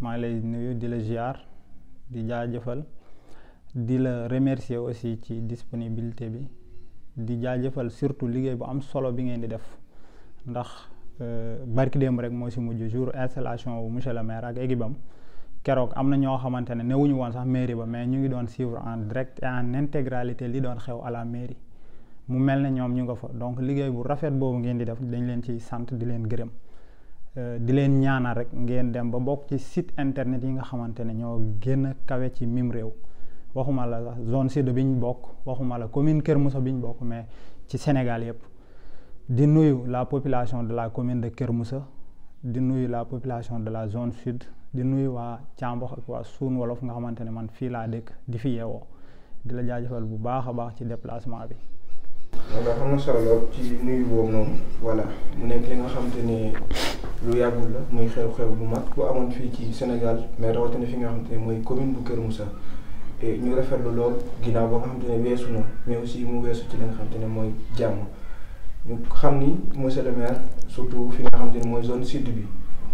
maa ngi lay nuyu di la ziar di jaajëfal di la remercier aussi ci disponibilité bi di jaajëfal surtout liggéey bu am solo bi ngeen di def ndax euh, barki démb rek moo si mujj jour installation bu monsieur le maire ak équipe am keroog am na ñoo xamante ne newuñu woon sax mairie ba mais ñu ngi doon suivre en direct et en intégralité li doon xew à mairie mu mel ne ñoom ñu nga fa donc liggéey bu rafet boobu ngeen di def dañ leen ci sant di leen gërëm. Euh, di leen ñaanal rek ngeen dem ba site internet yi nga la zone sud bi la commune de Moussa mais ci Sénégal yëpp di nuyu la population de la commune de Kermoussa Moussa di nuyu la population de la zone sud di nuyu waa ak waa Suun Wolof nga xamante man fii laa dëkk di la jaajëfal bu baax baax ci déplacement bi. solo ci nuyu lu yàggul la muy xew-xew bu mag bu amoon fii ci Sénégal mais rawatina fi nga xam ne mooy commune bu Kër Moussa ñu rafetlu lool ginnaaw ba nga xamante ne weesu na mais aussi mu weesu ci li nga xamante ne mooy jàmm ñu xam ni monsieur le maire surtout fi nga xamante ne mooy zone sud bi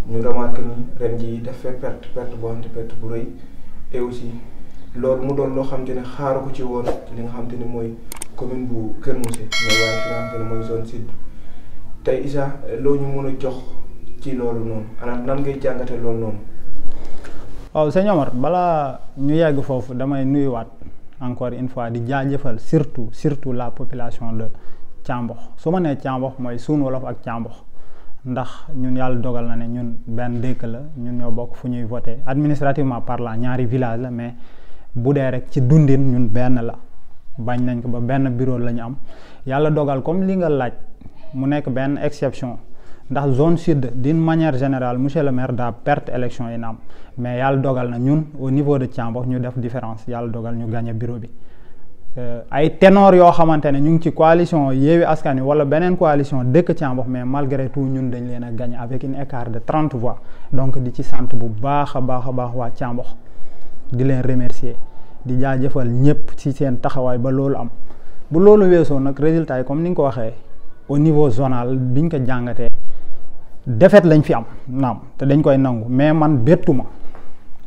ñu remarque ni ren jii daf fee perte perte boo xamante perte bu rëy et aussi loolu mu doon loo xamante ne xaaru ko ci woon li nga xamante ne mooy commune bu Kër Moussa mais waaye fi nga xamante ne mooy zone sud tey isa loo ñu mën a jox. ci loolu noonu ana nan ngay jàngate loolu noonu. waaw sëñ balaa ñu yàgg foofu damay nuyuwaat encore une fois di jaajëfal surtout surtout la population de Thiambox su ma nee càmbox mooy suun wolof ak càmbox ndax ñun yàlla dogal na ne ñun benn dëkk la ñun ñoo bokk fu ñuy voté administrativement parlant ñaari village la mais bu dee rek ci dundin ñun benn la bañ nañ ko ba benn bureau la ñu am yàlla dogal comme li nga laaj mu nekk benn exception. ndax zone sud d'une manière générale monsieur le maire d'a perte élection il naam mais yàlla dogal na ñun au niveau de Thiambox ñu def différence le dogal ñu gagné bureau bi euh, ay ténor yoo xamante ne ñu ngi ci coalition Yewwi Askan Wi wala benen coalition de Thiambox mais malgré tout ñun dañ leen gagner gagné avec une écart de trente voix donc di ci sant bu baax a baax a baax waa Thiambox di leen remercier di jaajëfal ñëpp ci seen taxawaay ba loolu am bu loolu weesoo nag résultat yi comme ni nga ko au niveau zonal biñ ko jàngatee défaite fi mais man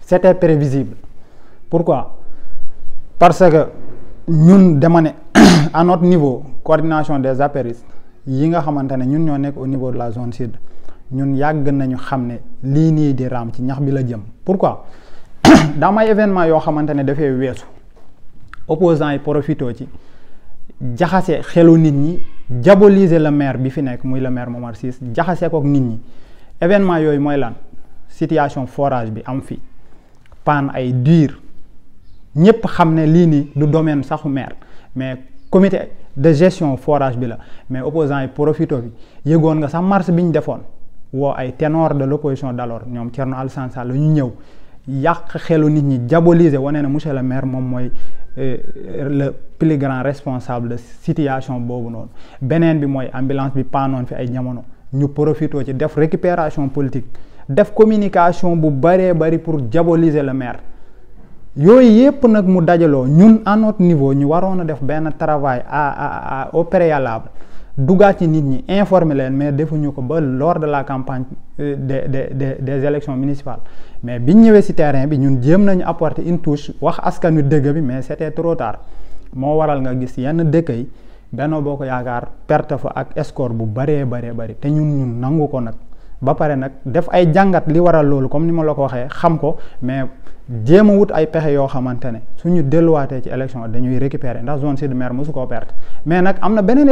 c'était prévisible pourquoi parce que nous avons à notre niveau coordination des apéristes Nous nga au niveau de la zone sud ñun yàgg nañu xam ne lii pourquoi Dans may événement yoo xamante ne opposants yi ci diaboliser le maire bi fi nek muy le maire Momar Ciss jaxase kook nit ñi événement yooyu mooy lan situation forage bi am fi paan ay dur. ñepp xamne li ni nii du domaine saxu maire mais comité de gestion forage bi la mais opposants yi profito bi yëgoon nga sa marche biñ ñu wo ay ténor de l'opposition d'alors ñom alors ñoom Thierno Alassane Sall la ñu ñëw yàq xelu nit ñi diaboliser woné na monsieur le maire mom moy euh, le plus grand responsable de situation bobu non benen bi Nous ambulance bi non fi ay ñamono ñu profito ci def récupération politique def communication bu pour diaboliser le maire yoy yep nak mu dajaloo ñun à notre niveau ñu warona def travail à à au préalable dugaat ci nit ñi informer len mais ba lors de la campagne Euh, des des des des élections municipales mais biñ ñëwee ci terrain bi ñun jéem nañu apporter une touche wax askanu dëgg bi mais c'était trop tard moo waral nga gis yenn dëkk yi boo ko Yaakaar perte fa ak score bu baree baree bari te ñun ñun nangu ko nag ba pare nag def ay jàngat li waral loolu comme ni ma la ko waxee xam ko mais jéem a wut ay pexe yoo xamante ne suñu delluwaatee ci élection dañuy récupérer ndax zone sud maire mosu koo perte mais nag am na beneen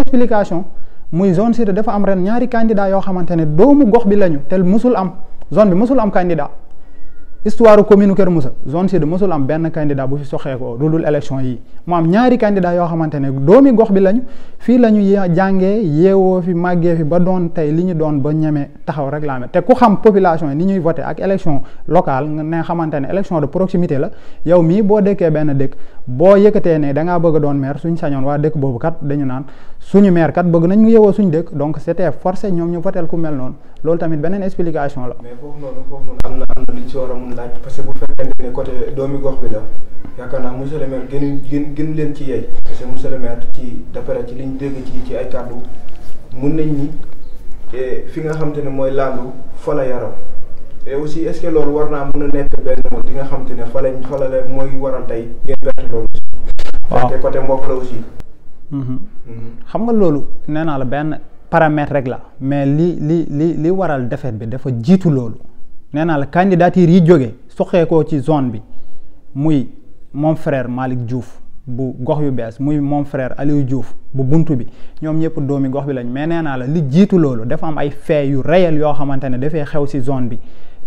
muy zone sud dafa am ren ñaari candidat yoo xamante ne doomu gox bi lañu te musul am zone bi musul am candidat histoire commune Kër Moussa zone sud musul am benn candidat bu fi soxeekoo lu dul élection yi mu am ñaari candidat yoo xamante ne doomi gox bi lañu fii la ñu jàngee yeewoo fi màggee fi ba doon tey li ñu doon ba ñeme taxaw rek laa te ku xam population yi ni ñuy voté ak élection locale nga ne xamante ne élection de proximité la yow mii boo dëkkee benn dëkk boo yëkkatee ne da ngaa bëgg doon maire suñ sañoon waa dëkk boobu kat dañu naan suñu maire kat bëgg nañ mu yewoo suñu dëkk donc c'était forcé ñoom ñu votel ku mel noonu loolu tamit beneen explication la. mais foofu noonu foofu noonu am na am na a parce que bu fekkente ne côté doomi gox bi la yaakaar naa monsieur le maire gën gën gën leen ci yeey parce que ci d'après ci li ñu dégg ci ci ay kàddu mun nañ ni eh, fi nga xam ne mooy laandu fa la yaram et aussi est loolu war naa mën a nekk benn di nga xam te ne fa lañ fa la tey ngeen mhm. Mhm. xam nga loolu nee naa la benn paramètre rek la mais li li li li waral défaite bi dafa jiitu loolu nee naa la candidature yi jóge soxee ko ci zone bi muy mon frère Malick Diouf bu gox yu bees muy mon frère Aliou Diouf bu bunt bi ñoom ñëpp doomi gox bi lañ mais nee naa la li jiitu loolu dafa am ay faits yu réels yoo xamante ne dafay xew ci zone bi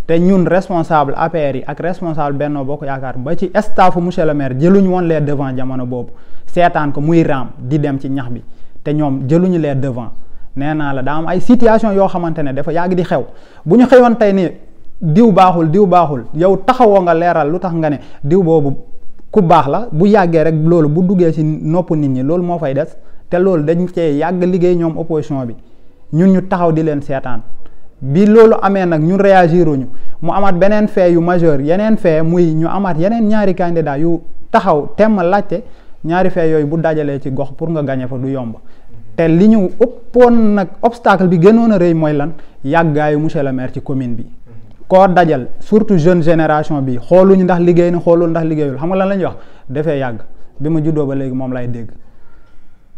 te ñun responsable APR yi ak responsable Benno Bokk Yaakaar ba ci staffu monsieur le maire jëluñu woon lee devant jamono boobu seetaan ko muy raam di dem ci ñax bi te ñoom jëluñu les devant nee naa la daa am ay situation yoo xamante ne dafa yàgg di xew bu ñu xëyoon tey nii diw baaxul diw baaxul yow taxawoo nga leeral lu tax nga ne diw boobu ku baax la bu yàggee rek loolu bu duggee ci nopp nit ñi loolu moo fay des te loolu dañ cee yàgg liggéey ñoom opposition bi ñun ñu taxaw di leen seetaan bi loolu amee nag ñun ñu mu amaat beneen fait yu majeur yeneen fait muy ñu amaat yeneen ñaari candidat yu taxaw temm laajte ñaari fait yooyu bu dajalee ci gox pour nga gañe fa du yomb te li ñu ëppoon nag obstacle bi gënoon a rëy mooy lan yàggaayu monsieur le maire ci commune bi koo dajal surtout jeune génération bi xooluñu ndax liggéey na xoolul ndax liggéeyul xam nga lan la ñuy wax dafee yàgg bi ma juddoo ba léegi moom lay dégg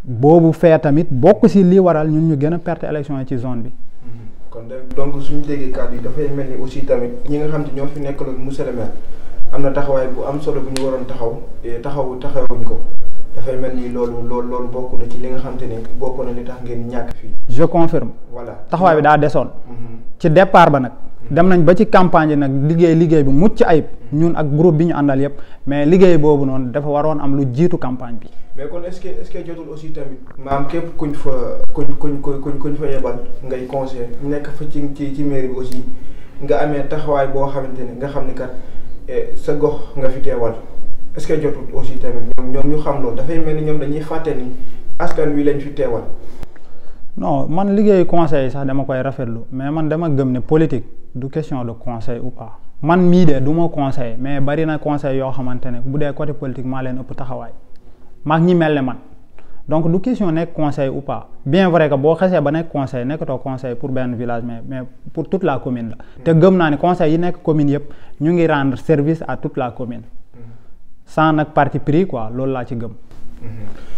boobu fee tamit bokk ci li waral ñun ñu gën a perte élection ci zone bi kon donc suñu déggee kàddu yi dafay mel ni aussi tamit ñi nga xam te ñoo fi nekk monsieur mu maire am na taxawaay bu am solo bu ñu waroon taxaw eh, taxawu taxawuñ ko dafay mel ni loolu loolu loolu bokk na ci li nga xam te ne bokk na tax ngeen ñàkk fii. je confirme. voilà taxawaay bi daa desoon. Mhm. ci départ ba nag. dem nañ ba ci campagne yi nag liggéey liggéey bi mucc ayib ñun ak groupe bi ñu àndal yëpp mais liggéey boobu noonu dafa waroon am lu jiitu campagne bi. mais kon est-ce jotul aussi tamit. maam képp kuñ fa kuñ kuñ kuñ kuñ fa yebal ngay conseil nekk fa ci ci ci mairie bi aussi nga amee taxawaay boo xamante ne nga xam ne kat eh, sa gox nga fi teewal est que jotul aussi tamit ñoom ñoom ñu xam loolu dafay mel ni ñoom dañuy fàtte ni askan wi lañu fi teewal. non man liggéey conseil sax dama koy rafetlu mais man dama gëm né politique du question de conseil ou pas man mi dé du conseil mais bari na conseil yo xamantene bu dé côté politique ma len ëpp taxaway. maag ñi melé man donc du question né conseil ou pas bien vrai que bo xesee ba né conseil to conseil pour ben village mais mais pour toute la commune là. te gëm na né conseil yi né commune yëpp ñu ngi rendre service à toute la commune mm-hmm. sans nak parti pris quoi loolu la ci gëm mm-hmm.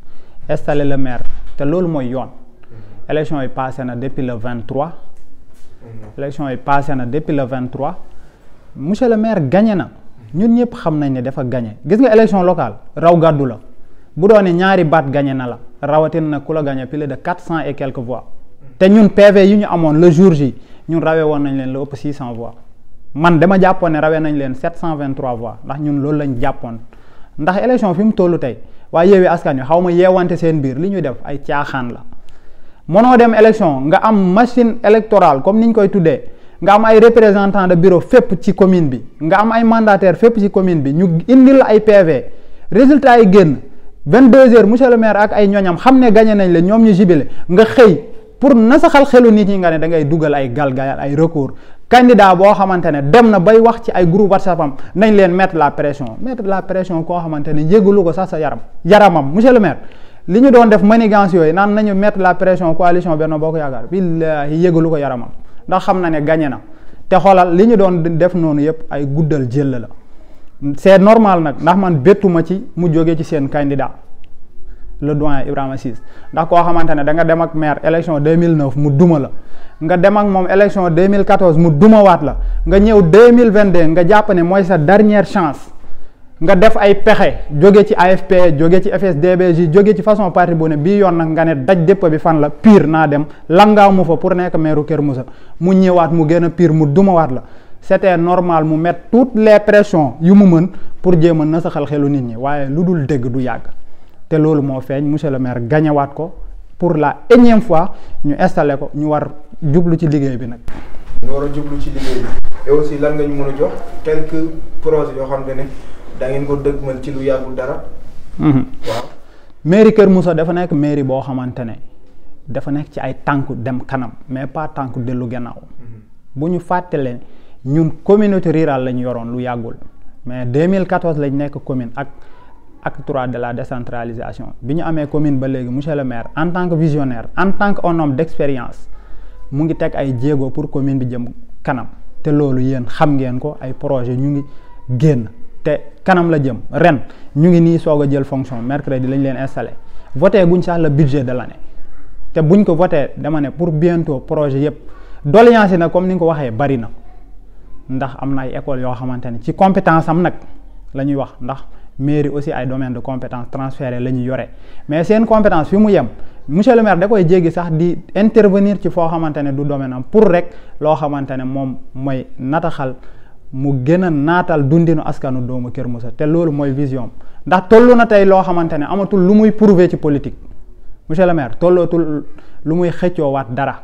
le maire. C'est ce est L'élection est passée depuis le 23. L'élection mhm. est passée depuis le 23. Monsieur le maire a gagné. Nous tous savons qu'il a gagné. Vous voyez l'élection locale, il n'y Si nous avons gagné, nous avons gagné de 400 et quelques voix. nous, avons PV, avons le jour J, nous avons gagné 600 voix. Man, nous avons gagné 723 voix. Nous avons gagné le l'élection, nous avons gagné. waaye yeewi askan wi xaw ma yeewante seen biir li ñu def ay caaxaan la mënoo dem élection nga am machine électorale comme ni ñu koy tuddee nga am ay représentant de bureau fépp ci commune bi nga am ay mandataire fépp ci commune bi ñu indil la ay PV résultat yi génn 22 heures monsieur le maire ak ay ñoñam xam ne gagné nañ la ñoom ñu jibile nga xëy pour nasaxal xelu nit ñi nga ne da ngay dugal ay galgal ay recours candida boo xamante ne dem na bay wax ci ay groupe whatsapp am nañ leen mettre la pression mettre la pression koo xamante ne yëgalu ko sax sa yaram yaramam monsieur le maire li ñu doon def manigance yooyu naan nañu mettre la pression coalition Benno Bokk Yaakaar billaahi yëgalu ko yaramam ndax xam na ne gagné na te xoolal li ñu doon def noonu yëpp ay guddal jël la c'est normal nag ndax man béttuma ci mu jóge ci seen candidat le doyen Ibrahima Ciss ndax ko xamante da nga dem ak maire élection 2009 mu duma la nga dem ak mom élection 2014 mu wat la nga ñew 2022 nga jàpp ne mooy sa dernière chance nga def ay pexé jóge ci AFP jóge ci FSDBJ jóge ci façon parti bu bi yon nak nga né daj dépp bi fan la pire na dem langaaw mu fa pour nek maire Kër Moussa mu ñewat mu gën pire mu wat la c'était normal mu mettre toutes les pressions yu mu mën pour jéem a nasaxal xelu nit ñi waye lu dégg du yag te loolu moo feeñ monsieur le maire gañewaat ko pour la énième fois ñu installé ko ñu war jublu ci liggéey bi nag. ñu war a jublu ci liggéey bi et aussi lan nga ñu mën a jox quelque projet yoo xam ne da ngeen ko dëgmal ci lu yàggul dara. waaw mairie Kër Moussa dafa nekk mairie boo xamante ne dafa nekk ci ay tànk dem kanam mais pas tànk dellu gannaaw bu ñu fàttalee ñun communauté rurale lañu yoroon lu yàggul mais 2014 lañ nekk commune ak. acte trois de la décentralisation bi ñu amee commune ba léegi monsieur le maire en tant que visionnaire en tant qu'homme homme d'expérience mu ngi teg ay jéego pour commune bi jëm kanam te loolu yéen xam ngeen ko ay projet ñu ngi génn te kanam la jëm ren ñu ngi nii soog jël fonction mercredi lañ leen installé Voter guñ sax le budget de l'année te buñ ko voté dama pour bientôt projet yëpp doléance yi comme ni ko waxé bari na ndax amna ay école yo xamante ci compétence am nak lañuy wax ndax maire aussi ay domaine de compétence transféré lañu yoré mais seen compétence fi mu yem monsieur le maire da koy jéggi sax di intervenir ci fo xamante du domaine am pour rek lo xamante mom moy nataxal mu gën natal naatal dundinu askanu doomu Kër Moussa té loolu moy vision ndax tollu na tay lo xamante ne amatul lu muy prouver ci politique monsieur le maire tollootul lu muy wat dara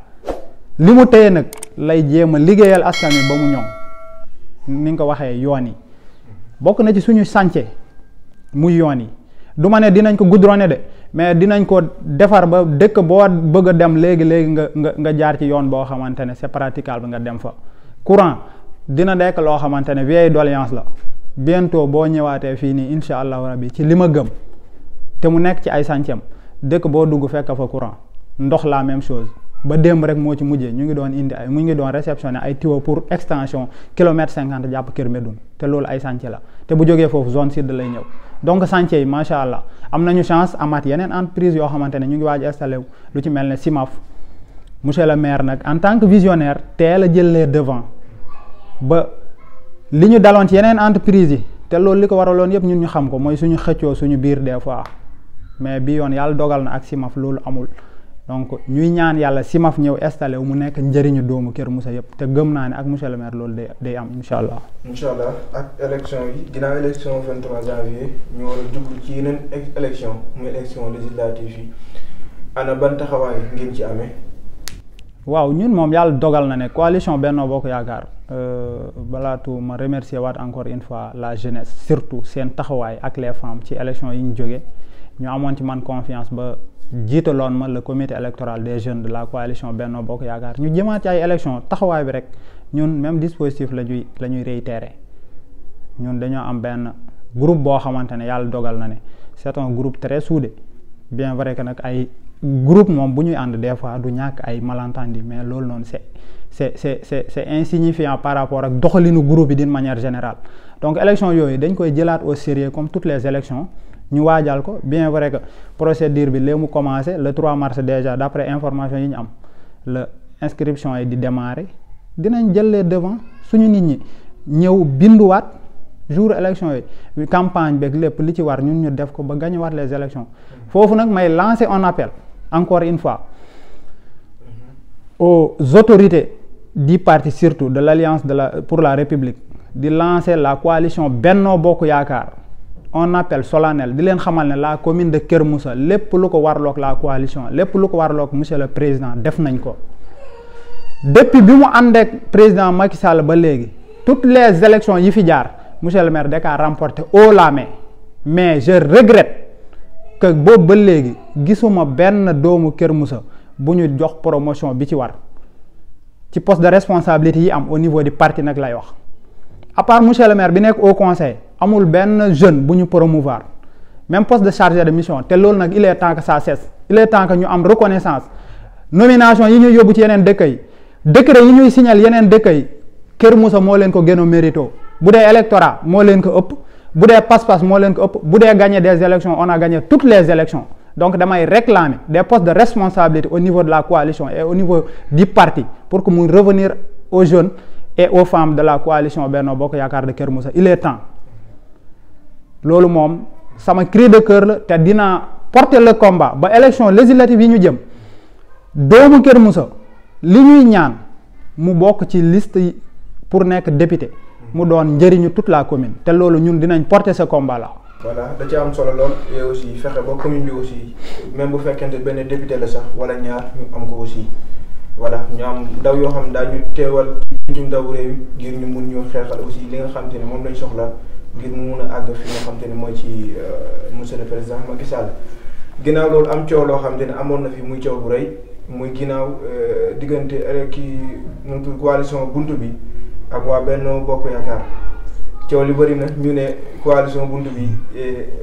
li mu nak lay jéem a liggéeyal askan wi ba mu ñoom ni nga ko waxee yoon na ci suñu sànce muy yoon yi du ma ne dinañ ko goudronné de mais dinañ ko defar ba dëkk boo bëgg a dem léegi léegi nga nga nga jaar ci yoon boo xamante ne pratical praticable nga dem fa courant dina nekk loo xamante ne vieille doléance la bientôt boo ñëwaatee fii nii incha allahu rabbi ci li ma gëm te mu nekk ci ay sàncam dëkk boo dugg fekk fa courant ndox la même chose ba démb rek moo ci mujjee ñu ngi doon indi ay mu ngi doon réceptionné ay tuyau pour extension kilomètre 50 jàpp Kër Medoune te loolu ay sànc la te bu jógee foofu zone sud lay ñëw donc c'est machallah macha allah chance amat yenen entreprise yo xamantene ñu ngi lu ci monsieur le maire en tant que visionnaire tel jël devant ba li ñu daloon entreprise yi loolu liko waralon ñun ñu xam des fois mais bi yoon yalla dogal na ak SIMAF amul donc ñuy ñaan yàlla simaf ñëw installé wu mu nekk njëriñu doomu Kër Moussa yëpp te gëm naa ne ak monsieur le maire loolu day day am incha allah. incha allah ak élection yi ginnaaw élection 23 janvier ñu war a jublu ci yeneen e-, élection muy élection législative yi ana ban taxawaay ngeen ci amee. waaw ñun moom yàlla dogal na ne coalition Benno Bokk Yaakaar euh, balaatu ma remercier waat encore une fois la jeunesse surtout seen taxawaay ak les femmes ci élection yi ñu jógee ñu amoon ci man confiance ba jiitaloon ma le comité électoral des jeunes de la coalition Benno Bokk yakar ñu jëma ci ay élection taxaway bi rek ñun même dispositif lañuy nous la réitéré ñun dañoo am ben groupe bo xamante yalla dogal na né c'est un groupe très soudé bien vrai que nak ay groupe mom bu ñuy and des fois du ñak ay malentendus mais lool non c'est c'est c'est c'est c'est insignifiant par rapport ak doxalinu groupe bi d'une manière générale donc élection yooyu dañ koy jëlat au sérieux comme toutes les élections nous avons ko bien vrai que procédure bi commencé le 3 mars déjà d'après information yi ñu am le inscription yi di démarrer dinañ jëlee devant suñu nit ñi bindu wat jour élection yi campagne politique lepp li ci war ñun ñu def ko ba les élections Il faut lancer un appel encore une fois aux autorités du parti surtout de l'Alliance pour la République de lancer la coalition Benno bokoyakar on appelle solennel di len xamal ne la commune de Kermoussa, les lu ko warloog la coalition lepp lu ko warloog monsieur le président def nañ ko depuis bimu ande président Macky Sall ba légui toutes les élections yi fi jaar monsieur le maire Dakar remporté haut la main mais je regrette que Bob ba légui gisuma ben doomu Kermoussa, buñu jox promotion bi ci war ci poste de responsabilité yi am au niveau du parti nak lay wax à part monsieur le maire bi nek au conseil amul jeunes jeune bu ñu promouvoir même poste de chargé de mission il est temps que ça cesse il est temps que ñu am reconnaissance nomination yi ñuy a ci yenen dëkk yi décret yi ñuy signal yenen dëkk yi Kër Moussa moo leen ko gën mérito bu électorat ko passe-passe moo leen ko ëpp gagné des élections on a gagné toutes les élections donc damay réclamer des postes de responsabilité au niveau de la coalition et au niveau du parti pour que mu revenir aux jeunes et aux femmes de la coalition de il est temps loolu mom sama cri de cœur la te dina porter le combat ba élection législative yi ñu jëm doomu Kër Moussa li ñuy ñaan mu bok ci liste pour nek député mu doon njëriñu toute la commune té loolu ñun dinañ porter ce combat là. voilà da ci am solo lool et aussi fexe ba commune bi aussi même bu fekkente ben député la sax wala ñaar ñu am ko aussi voilà ñu am ndaw yoo xam dañu téwal ci ndaw réew ngir ñu mun ñu xéxal aussi li nga xam tane mom lañ soxla. ngir mu mun a àgg fi nga xam te ne mooy ci euh, monsieur le président Macky Sall ginnaaw loolu am coow loo xam te ne amoon na fi muy coow bu rëy muy ginaaw euh, diggante euh, kii nu mu coalition buntu bi ak waa Benno Bokk Yaakaar coow bëri na ñu ne coalition buntu bi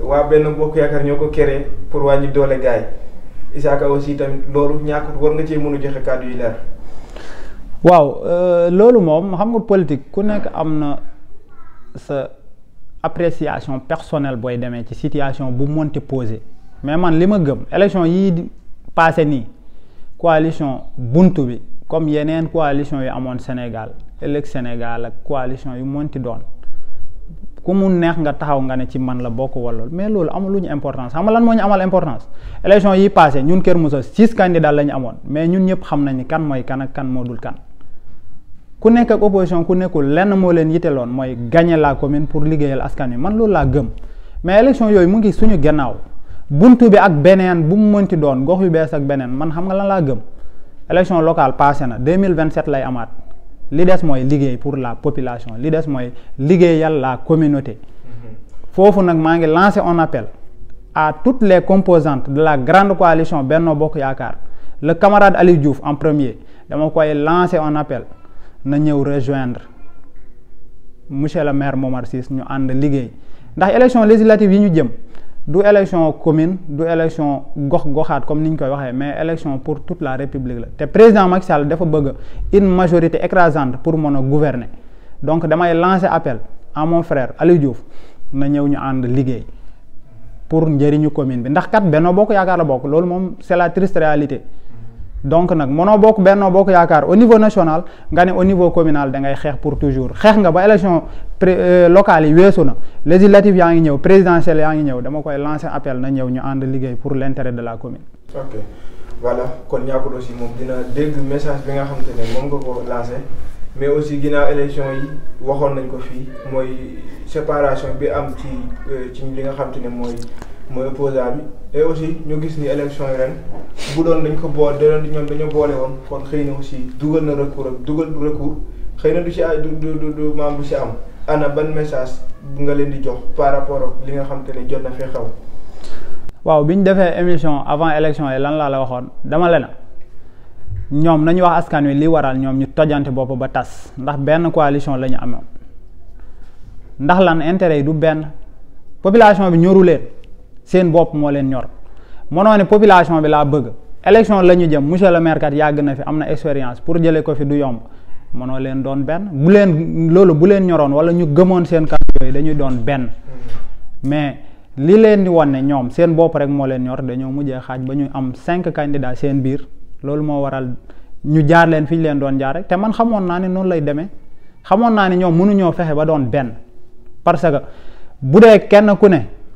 waa Benno Bokk Yaakaar ñoo ko créé pour wàññi doole gaay yi Isaaka aussi tamit loolu ñàkkut war nga cee mën a joxe kàddu yu leer. waaw loolu moom xam nga politique ku nekk am na sa. appréciation personnelle boy demee ci situation bu monté posé mais man lima gëm élection yi passé ni coalition buntu bi comme yenen coalition yu amone Sénégal ëllëg Sénégal ak coalition yu monti doon ku mu neex nga taxaw nga ne ci man la bokk walla mais loolu amaluñu importance xam lan moo ñu amal importance élection yi passé ñun Kër musa six candidats la ñu amoon mais ñun ñëpp xam nañu kan mooy kan ak kan moo dul kan ku nekk ak opposition ku nekkul lenn moo leen yiteloon mooy gagner la commune pour liggéeyal askan wi man loolu laa gëm mais élection yooyu mu ngi suñu gannaaw buntu bi ak beneen bu mu mënti doon gox yu bees ak beneen man xam nga lan laa gëm élection locale passé na 2027 lay amaat li des mooy liggéey pour la population li des mooy liggéeyal la communauté mm-hmm. foofu nag maa ngi lancer un appel à toutes les composantes de la grande coalition Benno Bokk Yaakaar le camarade Aliou Diouf en premier dama koy lancer un appel na ñëw rejoindre monsieur le maire Momar nous ñu and liggéey ndax élection législative yi ñu jëm du élection commune du élection gox goxaat comme niñ koy waxee mais élection pour toute la république la té président Macky Sall dafa bëgg une majorité écrasante pour mën gouverner donc damay lancer appel à mon frère Aliou Diouf na ñëw ñu and liggéey pour njëriñu commune bi ndax kat Benno Bokk Yaakaar la bokk c'est la triste réalité donc nak mono bok Benno bok yakar au niveau national nga au niveau communal da ngay xeex pour toujours xeex nga ba élection euh, locale yi législative yaa ngi ñëw présidentielle yaa ngi ñëw dama koy lancer appel na ñew ñu and liggéey pour l'intérêt de la commune. ok voilà kon Niakoul aussi mom dina dégg message bi nga xamante ne moom nga ko lancer mais aussi ginnaaw élection yi waxon nañ ko fi moy séparation bi am ci euh, ci li nga xamante ne mooy opposant bi et aussi ñu gis ni élection yi ren bu doon dañ ko boole da doon ñoom dañoo boole woon kon xëy na aussi dugal na recours ak dugal recours xëy na du si ay du du du am ana ban message nga leen di jox par rapport ak li nga xam ne jot na fi xew. waaw bi ñu defee émission avant élection yi lan laa la waxoon dama leen ñoom nañu wax askan wi li waral ñoom ñu tojante bopp ba tas ndax benn coalition la ñu amoon ndax lan intere yi du benn population bi ñoru leen. seen bopp moo leen ñor mënoo ne population bi laa bëgg élection la ñu jëm monsieur le maire kat yàgg na fi am na expérience pour jëlee ko fi du yomb mënoo leen doon benn bu leen loolu bu leen ñoroon wala ñu gëmoon seen kàddu yooyu dañuy doon benn mais li leen di wan ne ñoom seen bopp rek moo leen ñor dañoo mujjee xaaj ba ñu am cinq candidats seen biir loolu moo waral ñu jaar leen fi ñu leen doon jaar rek te man xamoon naa ne noonu lay demee xamoon naa ne ñoom mënuñoo fexe ba doon benn parce que bu dee kenn ku ne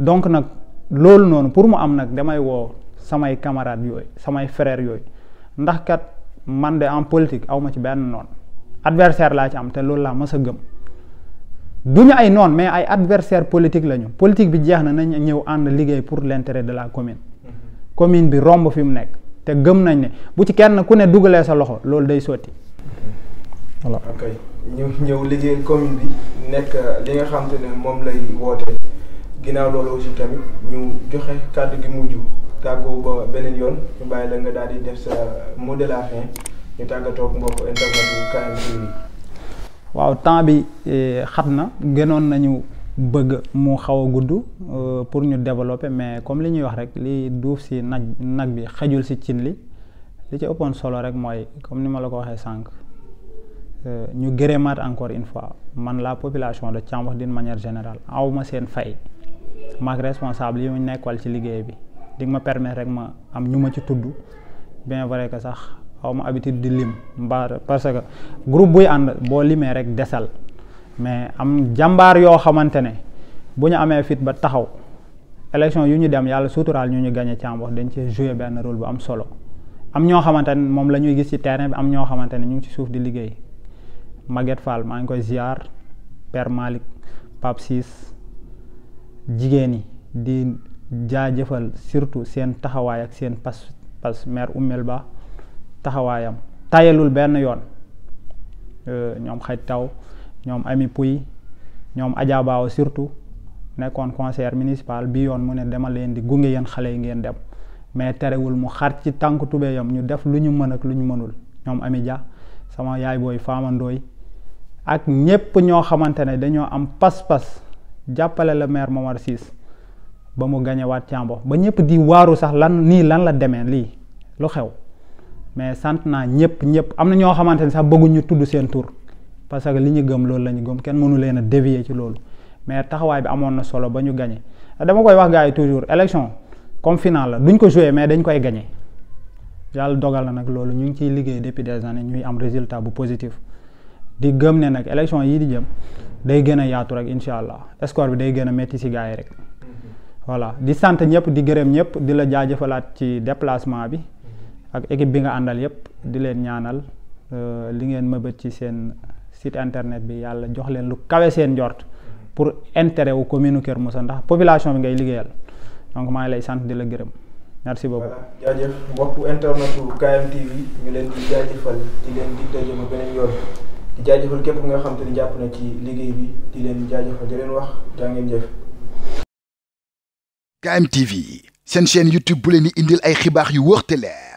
donc nak loolu non pour mu am n'ak damay wo samay camarade yoy samay frère yoy ndax kat man de en politique awma ci ben non adversaire la ci am te loolu la ma sa gem duñu ay non mais ay adversaire politique lañu politique bi jeex na nañ ñëw and liguey pour l'intérêt de la commune mhm. commune bi romb fi mu nek te gem nañ ne bu ci kenn ku ne dugalee sa loxo loolu day soti voilà. ok ñu ñëw liguey commune bi n'ek li nga xam te ne lay woté ginaaw loolu aussi tamit ñu joxe kàddu gi mujj tàggoo ba beneen yoon ñu bàyyi la nga daal di def sa mot de la fin ñu tàggatoo ak mbokk internet bu KMTV waaw temps bi eh, xat na gënoon nañu bëgg mu xaw a gudd euh, pour ñu développer mais comme li ñuy wax rek li duuf si nag nag bi xajul si cin li li ci ëppoon solo rek mooy comme ni ma la ko waxee sànq euh, ñu gërëmaat encore une fois man la population de Thiamouss d'une manière générale awma seen fay maak responsable yi mu nekkal ci liggéey bi di ma permettre rek ma am ñu ma ci tudd bien vrai que sax xaw ma habitude di lim mbaa parce que groupe buy ànd boo limee rek desal mais am jàmbaar yoo xamante ne bu ñu amee fit ba taxaw élection yu ñu dem yàlla suturaal ñu ñu gagné Thiamboor dañ ci joué benn rôle bu am solo am ñoo xamante ne moom la ñuy gis ci terrain bi am ñoo xamante ne ñu ngi ci suuf di liggéey Maguette Fall maa ngi koy ziar Père Malick Pape Ciss Jigeni di jaajëfal surtout seen taxawaay ak seen pas pas maire Oumy Ba taxawaayam tayalul benn yoon euh, ñoom xaj taw ñoom Ami puy ñoom Adja Baaw surtout nekkoon conseiller municipal bi yoon mu ne dama leen di gunge yeen xale yi ngeen dem mais terewul mu xar ci tànk tubéyam ñu def lu ñu mën ak lu mënul ñoom Ami ja sama yaay booy Faama ak ñépp ñoo xamante ne dañoo am pas-pas jàppale la maire Momar siis ba mu gañewaat Thiambo ba ñëpp di waaru sax lan nii lan la demee lii lu xew mais sant naa ñëpp ñëpp am na ñoo xamante ne sax bëgguñu tudd seen tur parce que li ñu gëm loolu la ñu gëm kenn mënu leen a dévier ci loolu mais taxawaay bi amoon na solo ba ñu gañe dama koy wax gars yi toujours élection comme final la duñ ko joué mais dañ koy gañee yàlla dogal na nag loolu ñu ngi ciy liggéey depuis des années ñuy am résultat bu positif di gëm ne nag élection yii di jëm day gën a yaatu rek incha allah score bi day gën a métti si gars rek. voilà di sant ñëpp di gërëm ñëpp di la jaajëfalaat ci déplacement bi ak équipe bi nga àndal yëpp di leen ñaanal euh, li ngeen mëbët ci seen site internet bi yàlla jox leen lu kawe seen njort pour intérêt wu commune Kër Moussa ndax population bi ngay liggéeyal donc maa lay sant di la gërëm merci beaucoup. voilà jaajëf mbokku internetu KMTV ñu leen di jaajëfal di leen di daje beneen yoon. di jaajëfal képp nga xam te ni jàpp na ci liggéey bi di leen jaajëfal di leen wax jaa ngeen jëf. KMTV seen chaîne YouTube bu leen di indil ay xibaax yu wóor te